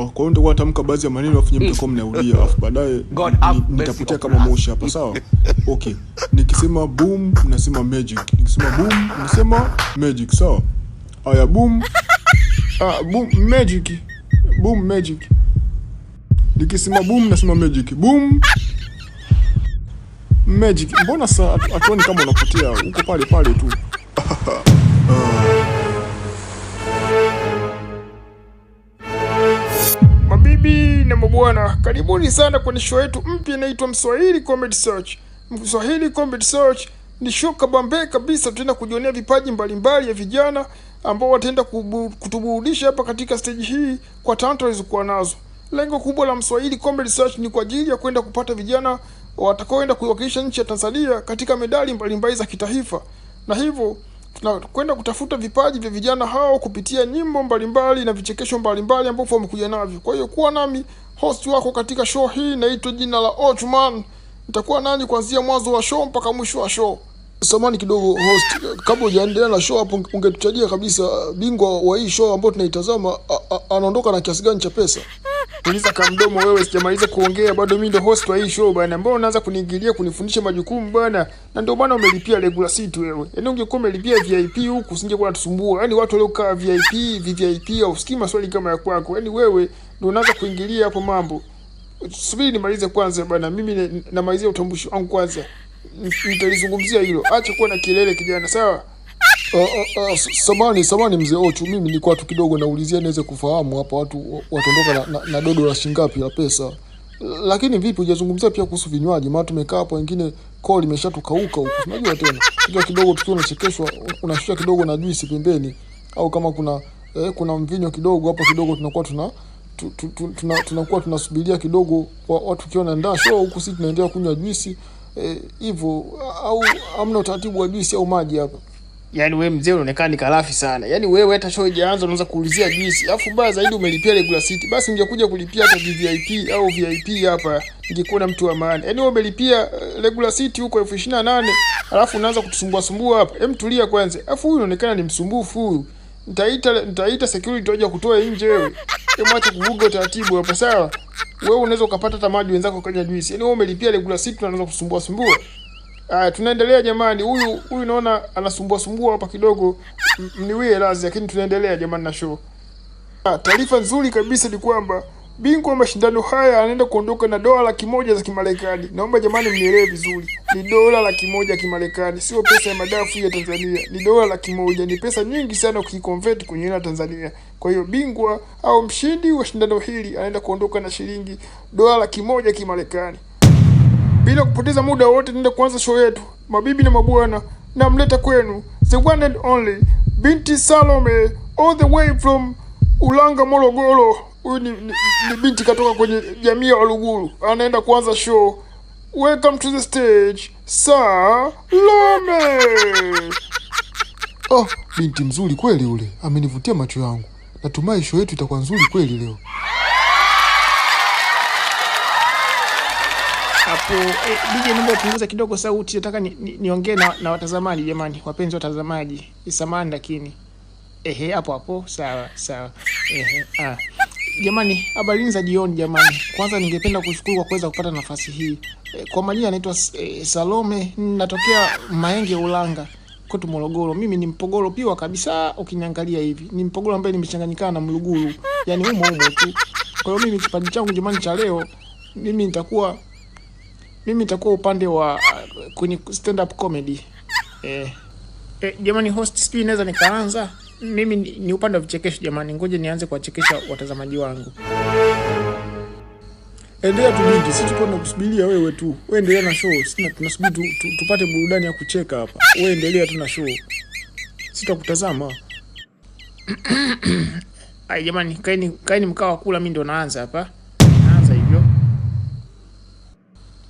Ah, kwa hiyo ndio natamka baadhi ya maneno afu nyinyi mtakuwa mnaulia, afu baadaye nitapotea kama moshi hapa, sawa? Okay, nikisema boom mnasema magic, nikisema boom mnasema magic, sawa? Aya, boom ah, boom magic, boom magic. Nikisema boom nasema magic, boom magic. Mbona sasa hatuoni kama unapotea? Uko pale pale tu. Karibuni sana kwenye show yetu mpya inaitwa Mswahili Comedy Search. Mswahili Comedy Search ni show kabambe kabisa, tutaenda kujionea vipaji mbalimbali ya vijana ambao wataenda kutuburudisha hapa katika stage hii kwa talanta walizokuwa nazo. Lengo kubwa la Mswahili Comedy Search ni kwa ajili ya kwenda kupata vijana watakaoenda kuiwakilisha nchi ya Tanzania katika medali mbalimbali za kitaifa, na hivyo tunakwenda kutafuta vipaji vya vijana hao kupitia nyimbo mbalimbali na vichekesho mbalimbali ambavyo wamekuja navyo. Kwa hiyo kuwa nami host wako katika show hii inaitwa jina la Otman. Nitakuwa nani kuanzia mwanzo wa show mpaka mwisho wa show. Samani kidogo host, kabla hujaendelea na show hapo, ungetuchajia kabisa uh, bingwa wa hii show ambayo tunaitazama anaondoka na kiasi gani cha pesa? Tuliza kama mdomo wewe, sijamaliza kuongea bado. Mimi ndo host wa hii show bwana, mbona unaanza kuniingilia kunifundisha majukumu bwana? Na ndio bwana, umelipia regular seat wewe. Yaani ungekuwa umelipia VIP huku usingekuwa unatusumbua. Yaani watu waliokaa VIP, VIP au usikii maswali kama ya kwako. Yaani wewe ndio unaanza kuingilia hapo mambo. Subiri nimalize kwanza bwana, mimi namalizia utambulisho wangu kwanza, nitalizungumzia hilo. Acha kuwa na kilele kijana, sawa? Uh, uh, uh, samani samani mzee Ochu, mimi nilikuwa watu kidogo naulizia niweze kufahamu hapa watu watondoka na, na, na dodo la shingapi la pesa. Lakini vipi hujazungumzia pia kuhusu vinywaji? Maana tumekaa hapo wengine koo limeshatukauka huko, unajua tena Kidogo kidogo, tukiwa unachekeshwa unashusha kidogo na juisi pembeni, au kama kuna eh, kuna mvinyo kidogo hapo kidogo, tunakuwa tuna tunakuwa tuna, tunasubiria kidogo watu ukiwa na ndaa, sio huku sisi tunaendelea kunywa juisi e, hivyo eh, au amna utaratibu wa juisi au maji hapa. Yaani wewe mzee unaonekana ni kalafi sana. Yaani wewe hata show ijaanza unaanza kuulizia juisi. Alafu baya zaidi umelipia regular city. Basi ningekuja kulipia hata VIP au VIP hapa ningekuwa na mtu wa maana. Yaani wewe umelipia eh, regular city huko elfu ishirini na nane alafu unaanza kutusumbua sumbua hapa. Hem, tulia kwanza. Alafu huyu unaonekana ni msumbufu huyu. Nitaita nitaita security waje kutoa nje wewe acha kuvuga utaratibu hapa sawa. Wewe unaweza ukapata hata maji wenzako kanya juisi. Yaani wewe umelipia regula sip tunaanza kusumbua sumbua. Ah, tunaendelea jamani. Huyu huyu naona anasumbua sumbua hapa kidogo. Mniwie lazi lakini tunaendelea jamani na show. Ah, taarifa nzuri kabisa ni kwamba Bingwa wa mashindano haya anaenda kuondoka na dola laki moja za Kimarekani. Naomba jamani, mnielewe vizuri, ni dola laki moja ya Kimarekani, sio pesa ya madafu ya Tanzania. Ni dola laki moja, ni pesa nyingi sana ukikonvert kwenye hela Tanzania. Kwa hiyo bingwa au mshindi wa shindano hili anaenda kuondoka na shilingi dola laki moja ya Kimarekani. Bila kupoteza muda wote, nenda kuanza show yetu. Mabibi na mabwana, namleta kwenu the one and only Binti Salome all the way from Ulanga Morogoro huyu ni, ni, ni binti katoka kwenye jamii ya Waluguru, anaenda kuanza show. Welcome to the stage Salome. Oh, binti mzuri kweli ule, amenivutia macho yangu. Natumai show yetu itakuwa nzuri kweli leo. Hapo eh, DJ naomba kidogo sauti, nataka niongee ni, ni na, na watazamaji. Jamani wapenzi watazamaji, isamani lakini ehe, hapo hapo sawa sawa, ehe ah. Jamani, habari za jioni jamani. Kwanza ningependa kushukuru kwa kuweza kupata nafasi hii. Eh, kwa majina anaitwa e, Salome, natokea maenge Ulanga kwetu Morogoro. Mimi ni mpogoro piwa kabisa, ukiniangalia hivi ni mpogoro ambaye nimechanganyikana na Mluguru, yaani humo tu. Kwa hiyo mimi kipaji changu jamani cha leo mimi nitakuwa mimi nitakuwa upande wa kwenye stand up comedy eh. E, jamani host, sijui inaweza nikaanza mimi ni upande wa vichekesho jamani, ngoja nianze kuwachekesha watazamaji wangu. Endelea tu binti, sisi tupo tunakusubiria wewe tu. Wewe endelea na show, sina tunasubiri tu, tu, tupate burudani ya kucheka hapa. Wewe endelea tu na show, sitakutazama. Ai jamani, kaini kaini mkawa kula, mimi ndo naanza hapa, naanza hivyo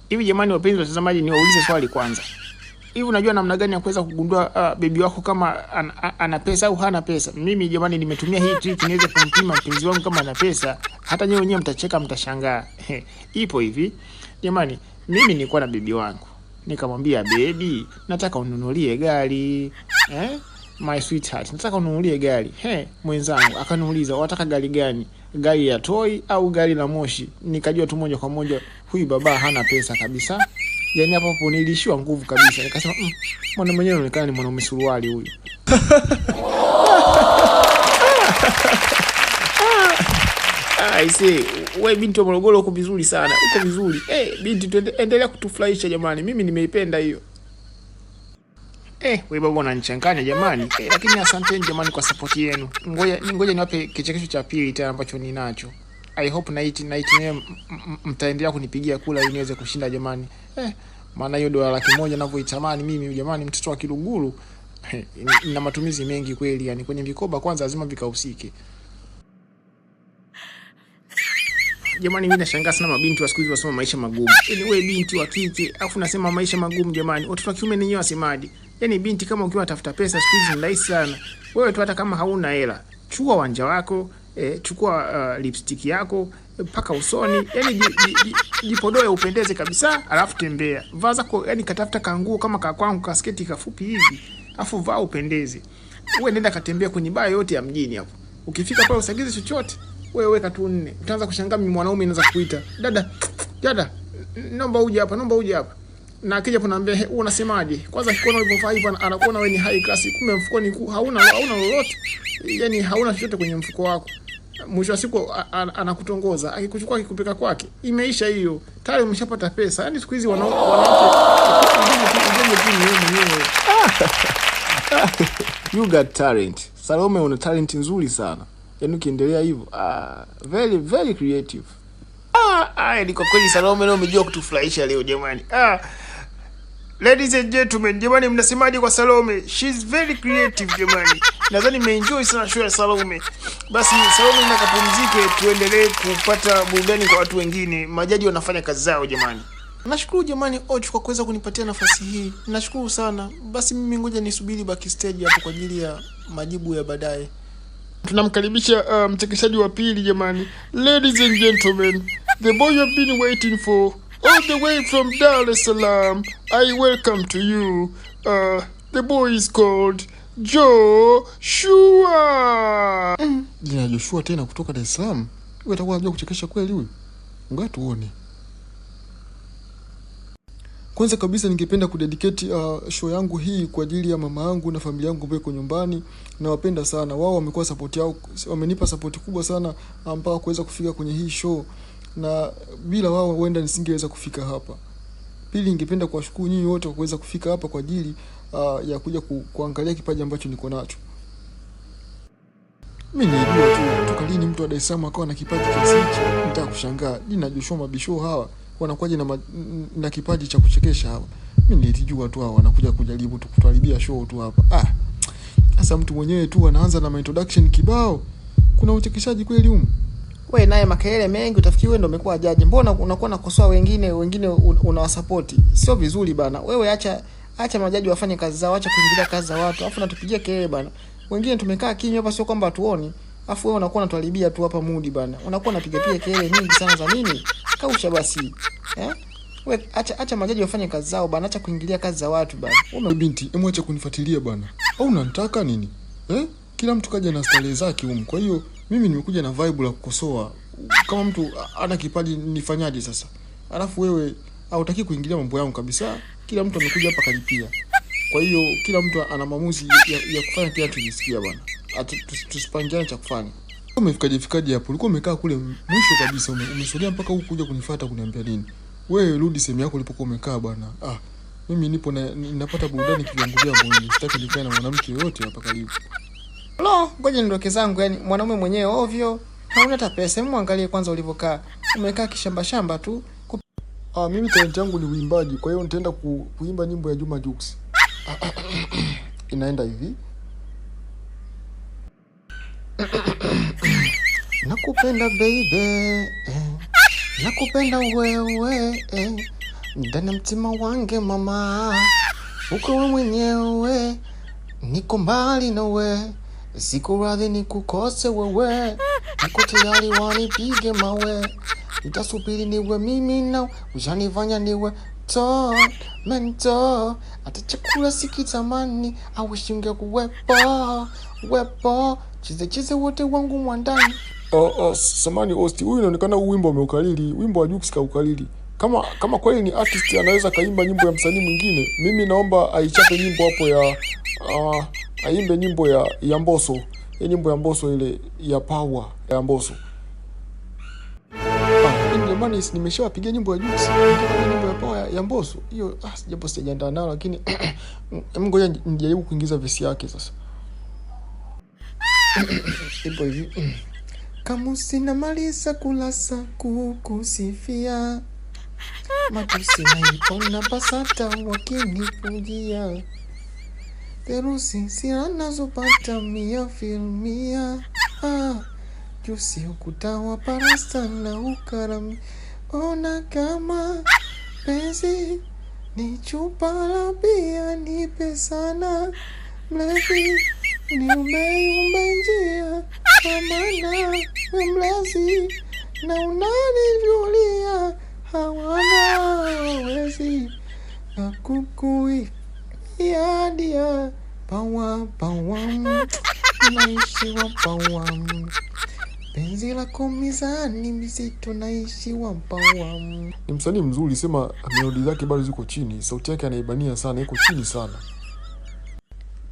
hivi. Jamani wapenzi watazamaji, niwaulize swali kwanza hivi unajua namna gani ya kuweza kugundua uh, bebi wako kama an, an, ana pesa au hana pesa? Mimi jamani, nimetumia hii trick niweze kumpima mpenzi wangu kama ana pesa. Hata nyewe wenyewe mtacheka, mtashangaa. Ipo hivi jamani, mimi nilikuwa na bebi wangu nikamwambia, bebi, nataka ununulie gari eh? My sweetheart, nataka ununulie gari. He, mwenzangu akaniuliza wataka gari gani? Gari ya toy au gari la moshi? Nikajua tu moja kwa moja huyu baba hana pesa kabisa yani hapo hapo nilishiwa nguvu kabisa, nikasema mmm, mwana mwenyewe anaonekana ni mwanaume suruali huyu. Aise, ah, we binti wa Morogoro uko vizuri sana, uko vizuri. Eh, binti tuende, endelea kutufurahisha jamani, mimi nimeipenda hiyo. Eh, we baba unanichanganya jamani. Eh, lakini asanteni jamani kwa support yenu. Ngoja ngoja niwape kichekesho cha pili tena ambacho ninacho. I hope night night na mtaendelea kunipigia kula ili niweze kushinda jamani. Eh, maana hiyo dola laki moja ninavyoitamani mimi jamani, mtoto wa Kiluguru eh, ina matumizi mengi kweli, yani kwenye vikoba kwanza lazima vikahusike. Jamani, mimi nashangaa sana mabinti wa siku hizi wasema maisha magumu. Yaani wewe binti wa kike afu nasema maisha magumu jamani. Watoto wa kiume ninyi wasemaje? Yaani binti kama ukiwa tafuta pesa siku hizi ni rahisi sana. Wewe tu hata kama hauna hela, chua wanja wako eh, chukua uh, lipstick yako eh, paka usoni, yani jipodoe upendeze kabisa, alafu tembea, vaa zako, yani katafuta kanguo kama ka kwangu kasketi kafupi hivi, afu vaa upendeze, uwe nenda katembea kwenye baa yote ya mjini hapo. Ukifika pale usagize chochote, wewe weka tu nne, utaanza kushangaa mwanaume anaanza kuita dada, dada, naomba uje hapa, naomba uje hapa na akija kunaambia wewe unasemaje? Kwanza kikono ulivyovaa hivyo, anakuona wewe ni high class, kumbe mfukoni hauna hauna lolote, yani hauna chochote kwenye mfuko wako mwisho wa siku anakutongoza, akikuchukua akikupeka kwake, imeisha hiyo tayari, umeshapata pesa. Yani siku hizi mwenyewe talent Salome, una talent nzuri sana yani, ukiendelea hivyo ah, very very creative ah, ah, ni yaani kwa kweli Salome leo umejua kutufurahisha leo jamani ah. Ladies and gentlemen, jamani mnasemaje kwa Salome? She's very creative jamani. Nadhani mmeenjoy sana show ya Salome. Basi Salome nakapumzike, tuendelee kupata burudani kwa watu wengine. Majaji wanafanya kazi zao jamani. Nashukuru jamani Och kwa kuweza kunipatia nafasi hii. Nashukuru sana. Basi mimi ngoja nisubiri backstage hapo kwa ajili ya majibu ya baadaye. Tunamkaribisha uh, mchekeshaji wa pili jamani. Ladies and gentlemen, the boy you've been waiting for All the way from Dar es Salaam, I welcome to you. Uh, the boy is called Joshua. Mm. Joshua tena kutoka Dar es Salaam. Wewe utakuwa unajua kuchekesha kweli wewe. Ngoja tuone. Kwanza kabisa ningependa kudedicate uh, show yangu hii kwa ajili ya mama yangu na familia yangu ambao iko nyumbani. Nawapenda sana. Wao wamekuwa support yao, wamenipa support kubwa sana mpaka kuweza kufika kwenye hii show na bila wao huenda nisingeweza kufika hapa. Pili, ningependa kuwashukuru nyinyi wote kwa kuweza kufika hapa kwa ajili uh, ya kuja ku, kuangalia kipaji ambacho niko nacho. Mi nilijua tu toka lini mtu wa Dar es Salaam akawa na kipaji kiasi hichi, nitaka kushangaa jina Joshua Mabisho hawa wanakuwaje na, na kipaji cha kuchekesha hawa. Mi nilijua tu hawa wanakuja kujaribu tu kutuharibia show tu hapa. Ah, sasa mtu mwenyewe tu anaanza na introduction kibao, kuna uchekeshaji kweli humu? we naye makelele mengi, utafikiri wewe ndio umekuwa jaji. Mbona unakuwa nakosoa wengine, wengine unawasapoti? Sio vizuri bana. Wewe acha acha majaji wafanye kazi zao, acha kuingilia kazi za watu, afu natupigia kelele bana. Wengine tumekaa kinywa hapa, sio kwamba hatuoni, afu wewe unakuwa unatuharibia tu hapa mudi bana, unakuwa unapiga pia kelele nyingi sana za nini? Kausha basi eh? We, acha acha majaji wafanye kazi zao bana, acha kuingilia kazi za watu bana. Wewe binti, emwacha kunifuatilia bana, au unanitaka nini eh? kila mtu kaja na starehe zake humu. Kwa hiyo mimi nimekuja na vibe la kukosoa. Kama mtu ana kipaji nifanyaje sasa? Alafu wewe hautaki kuingilia mambo yangu kabisa. Kila mtu amekuja hapa kalipia. Kwa hiyo kila mtu ana maamuzi ya, ya kufanya kile anachojisikia bwana. Tusipangiane cha kufanya. Umefikaje fikaje hapo? Ulikuwa umekaa kule mwisho kabisa, umesogea mpaka huku kuja kunifuata kuniambia nini? Wewe rudi sehemu yako ulipokuwa umekaa bwana. Ah, mimi nipo na, napata burudani kigango vyangu. Sitaki nikae na mwanamke yoyote hapa karibu. Lo, ngoja niondoke zangu, yani mwanaume mwenyewe ovyo. Hauna hata pesa, hebu mwangalie kwanza ulivyokaa. Umekaa kishamba shamba tu. Kup... Ah, mimi talent yangu ni uimbaji, kwa hiyo nitaenda ku, kuimba nyimbo ya Juma Jux. Inaenda hivi. Nakupenda baby. Nakupenda wewe. Ndani mtima wange mama. Uko wewe mwenyewe. Niko mbali na wewe. Siku radhi ni kukose wewe, niko tayari wanipige mawe, nitasubiri niwe mimi nao, ushanifanya niwe to mento, hata chakula sikitamani, aweshinge kuwepo wepo, chize chize wote wangu mwandani. Uh, uh, samani hosti, huyu inaonekana huu wimbo ameukalili, wimbo wa Jux kaukalili kama kama kweli ni artist anaweza kaimba nyimbo ya msanii mwingine, mimi naomba aichape nyimbo hapo ya uh, aimbe nyimbo ya, ya mboso ya nyimbo ya mboso ile ya power ya Mbosso. Jamani, ah, nimeshawapigia nyimbo ya Jux, nyimbo ya pawa ya Mbosso hiyo. Ah, japo sijajiandaa nalo, lakini ngoja nijaribu kuingiza vesi yake sasa. Ipo hivi kamusi na malisa kulasa kukusifia matusi naipona pasata wakinipujia Therusi si anazopata mia filmia ah, jusi ukutawa parasta na ukarami ona kama penzi ni chupa la bia, nipe sana mlezi ni umeyumbe njia amana mlezi na unanijulia hawana wezi na kukui iya dia penzi la komizani Ni msanii mzuri, sema melodi zake bado ziko chini, sauti yake anaibania sana, iko chini sana.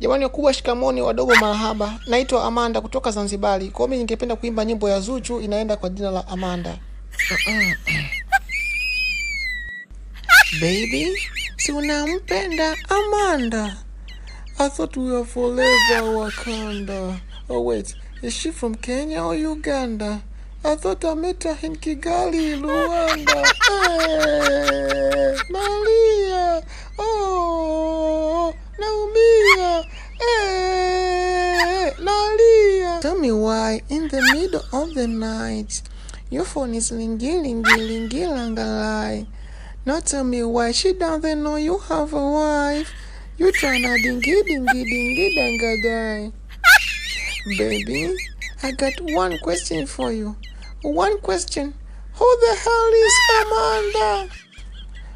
Jamani wakubwa, shikamoni, wadogo, marahaba. Naitwa Amanda kutoka Zanzibari. Kwa mimi ningependa kuimba nyimbo ya Zuchu inaenda kwa jina la Amanda. Uh-uh. Baby Si unampenda Amanda? I thought we were forever Wakanda. Oh wait, is she from Kenya or Uganda? I thought I met her in Kigali, Luanda. Hey, eh, Maria! Oh, Naumia! Hey, eh, Maria! Tell me why, in the middle of the night, your phone is lingi lingi lingi langalai. Now tell me why she doesn't know you have a wife. You tryna dingy dingy dingy danga die. Baby, I got one question for you. One question. Who the hell is Amanda?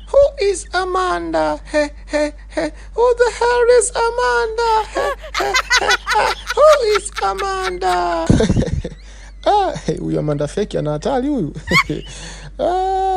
Who is Amanda? Hey, hey, hey. Who the hell is Amanda? Hey, hey, hey, hey. Who is Amanda? ah, huyu Amanda feki ana hatari huyu. ah.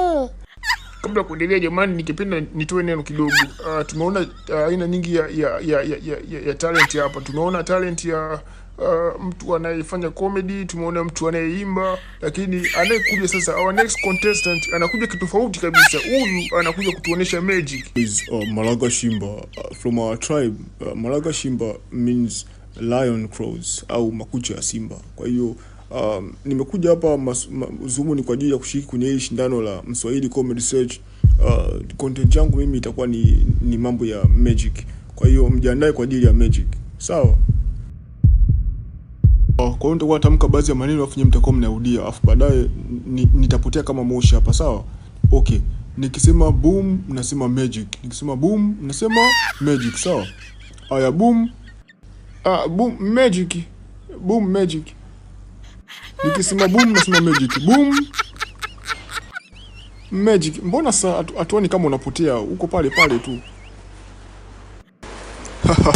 Kabla kuendelea jamani, nikipenda nitoe neno kidogo. Uh, tumeona ah, aina uh, nyingi ya ya, ya, ya, ya, ya talent hapa. Tumeona talent ya uh, mtu anayefanya comedy, tumeona mtu anayeimba, lakini anayekuja sasa, our next contestant anakuja kitofauti kabisa. Huyu anakuja kutuonesha magic. Is uh, Malaga Shimba uh, from our tribe. Uh, Malaga Shimba means lion crows au makucha ya simba. Kwa hiyo uh, nimekuja hapa mazungumzo ni kwa ajili ya kushiriki kwenye hili shindano la Mswahili Comedy Search. Uh, content yangu mimi itakuwa ni, ni mambo ya magic, kwa hiyo mjiandae kwa ajili ya magic, sawa? Uh, kwa hiyo nitakuwa natamka baadhi ya maneno afu nyinyi mtakuwa mnarudia, afu baadaye nitapotea kama moshi hapa, sawa? Okay, nikisema boom mnasema magic, nikisema boom mnasema magic, sawa? Aya, boom. Ah, boom magic, boom magic. Nikisema boom nasema magic. Boom. Magic. Mbona saa hatuoni kama unapotea uko pale pale tu?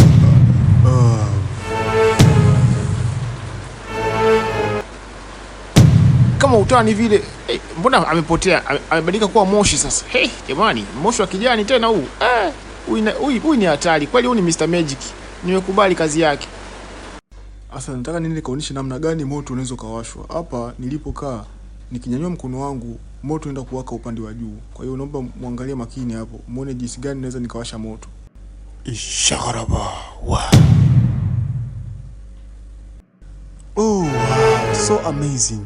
Kama utani vile. Hey, eh, mbona amepotea? Amebadilika kuwa moshi sasa. Hey, eh, jamani, moshi wa kijani tena huu. Eh, huyu huyu ni hatari. Kweli huyu ni Mr Magic. Nimekubali kazi yake. Asa nataka nini nikaonyeshe namna gani moto unaweza ukawashwa. Hapa nilipokaa nikinyanyua mkono wangu moto unaenda kuwaka upande wa juu. Kwa hiyo naomba muangalie makini hapo, muone jinsi gani naweza nikawasha moto. Isharaba wa oh, wow. so amazing.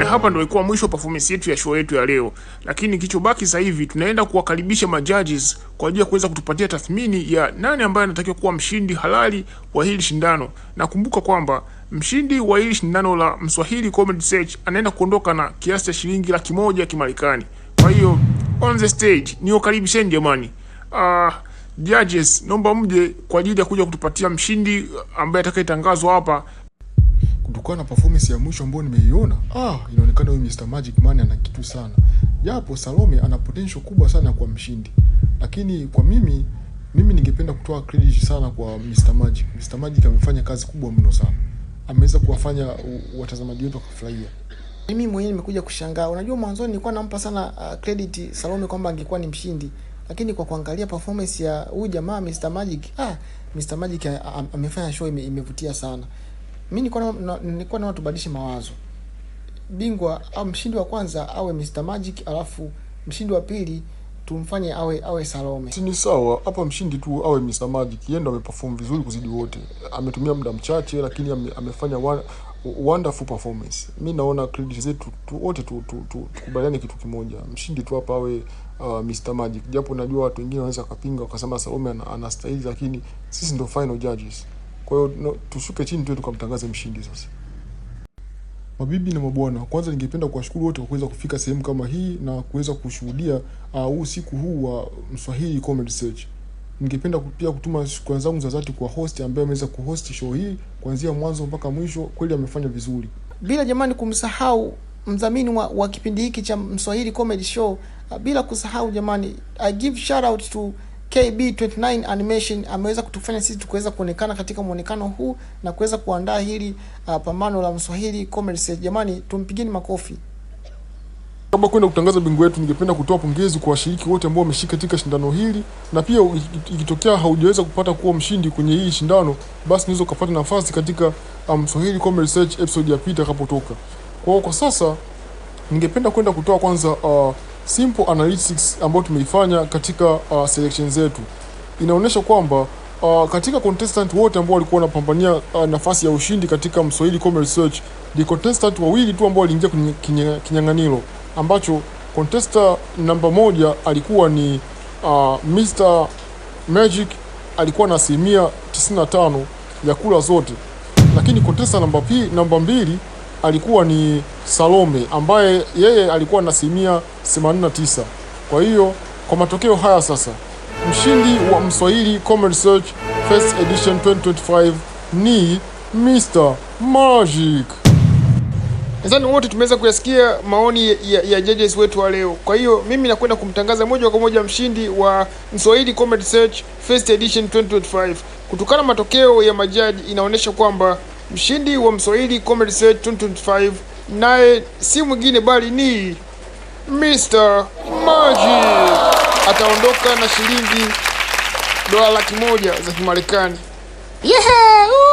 Na hapa ndio ilikuwa mwisho performance yetu ya show yetu ya leo, lakini kichobaki sasa hivi tunaenda kuwakaribisha majudges kwa ajili ya kuweza kutupatia tathmini ya nani ambaye anatakiwa kuwa mshindi halali wa hili shindano. Na kumbuka kwamba mshindi wa hili shindano la Mswahili Comedy Search anaenda kuondoka na kiasi cha shilingi laki moja Kimarekani. Kwa hiyo on the stage ni wakaribisheni jamani. Uh, judges, naomba mje kwa ajili ya kuja kutupatia mshindi ambaye atakayetangazwa hapa kutokana na performance ya mwisho ambayo nimeiona, ah, inaonekana huyu Mr Magic Man ana kitu sana, japo Salome ana potential kubwa sana kwa mshindi, lakini kwa mimi mimi ningependa kutoa credit sana kwa Mr Magic. Mr Magic amefanya kazi kubwa mno sana, ameweza kuwafanya watazamaji wetu wakafurahia. Mimi mwenyewe nimekuja kushangaa. Unajua, mwanzoni nilikuwa nampa sana uh, credit Salome kwamba angekuwa ni mshindi, lakini kwa kuangalia performance ya huyu jamaa Mr Magic, ah, Mr Magic uh, amefanya show ime, imevutia sana mi nilikuwa na, na tubadilishe mawazo, bingwa au mshindi wa kwanza awe Mr Magic, alafu mshindi wa pili tumfanye awe awe Salome. Si ni sawa hapa, mshindi tu awe Mr Magic, yeye ndo ameperform vizuri kuzidi wote, ametumia muda mchache, lakini ame, amefanya wonderful performance. Mi naona credit zetu wote tu, tu, tu, tukubaliane kitu kimoja, mshindi tu hapa awe uh, Mr Magic, japo najua watu wengine wanaweza wakapinga wakasema Salome anastahili, lakini sisi ndo final judges. Kwa hiyo no, tushuke chini tu tukamtangaze mshindi sasa. Mabibi na mabwana, kwanza ningependa kuwashukuru wote kwa kuweza kufika sehemu kama hii na kuweza kushuhudia uh, huu uh, siku huu wa Mswahili Comedy Search. Ningependa pia kutuma shukrani zangu za dhati kwa host ambaye ameweza kuhost show hii kuanzia mwanzo mpaka mwisho, kweli amefanya vizuri. Bila jamani kumsahau mdhamini wa, wa kipindi hiki cha Mswahili Comedy Show, uh, bila kusahau jamani, I give shout out to KB29 Animation ameweza kutufanya sisi tukuweza kuonekana katika mwonekano huu na kuweza kuandaa hili uh, pambano la Mswahili Commerce. Jamani, tumpigeni makofi. Kabla kwenda kutangaza bingwa wetu, ningependa kutoa pongezi kwa washiriki wote ambao wameshika katika shindano hili, na pia ikitokea haujaweza kupata kuwa mshindi kwenye hii shindano, basi unaweza ukapata nafasi katika uh, Mswahili um, Comedy Search episode ya pita kapotoka. Kwa kwa sasa ningependa kwenda kutoa kwanza uh, Simple analytics ambayo tumeifanya katika uh, selection zetu inaonyesha kwamba uh, katika contestant wote ambao walikuwa wanapambania uh, nafasi ya ushindi katika Mswahili Commerce Search ni contestant wawili tu ambao waliingia kwenye kinyang'anyiro ambacho contestant namba moja alikuwa ni uh, Mr Magic alikuwa na asilimia 95 ya kura zote, lakini contestant namba namba mbili alikuwa ni Salome ambaye yeye alikuwa na asilimia 89. Kwa hiyo kwa matokeo haya sasa, mshindi wa Mswahili Comedy Search First Edition 2025 ni Mr. Magic. Nadhani wote tumeweza kuyasikia maoni ya, ya judges wetu wa leo. Kwa hiyo mimi nakwenda kumtangaza moja kwa moja mshindi wa Mswahili Comedy Search First Edition 2025. Kutokana matokeo ya majaji inaonyesha kwamba mshindi wa Mswahili Comedy Search 2025 naye si mwingine bali ni Mr Magic ataondoka na shilingi dola laki moja za Kimarekani. Yeah,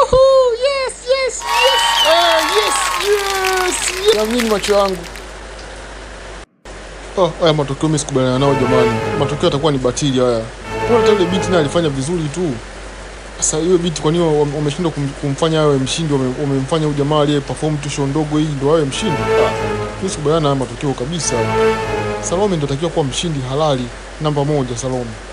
uhu, yes, yes, yes. Ah, yes, yes, macho yangu. Oh, haya matokeo mimi sikubaliana nao jamani. Matokeo yatakuwa ni batili haya. Kuna hata ile binti naye alifanya vizuri tu. Sasa hiyo biti, kwa nini wameshindwa kumfanya awe mshindi? Wamemfanya huyu jamaa aliye perform tu show ndogo hii ndo awe mshindi? Hatuwezi na matokeo kabisa. Salome ndio atakiwa kuwa mshindi halali namba moja, Salome.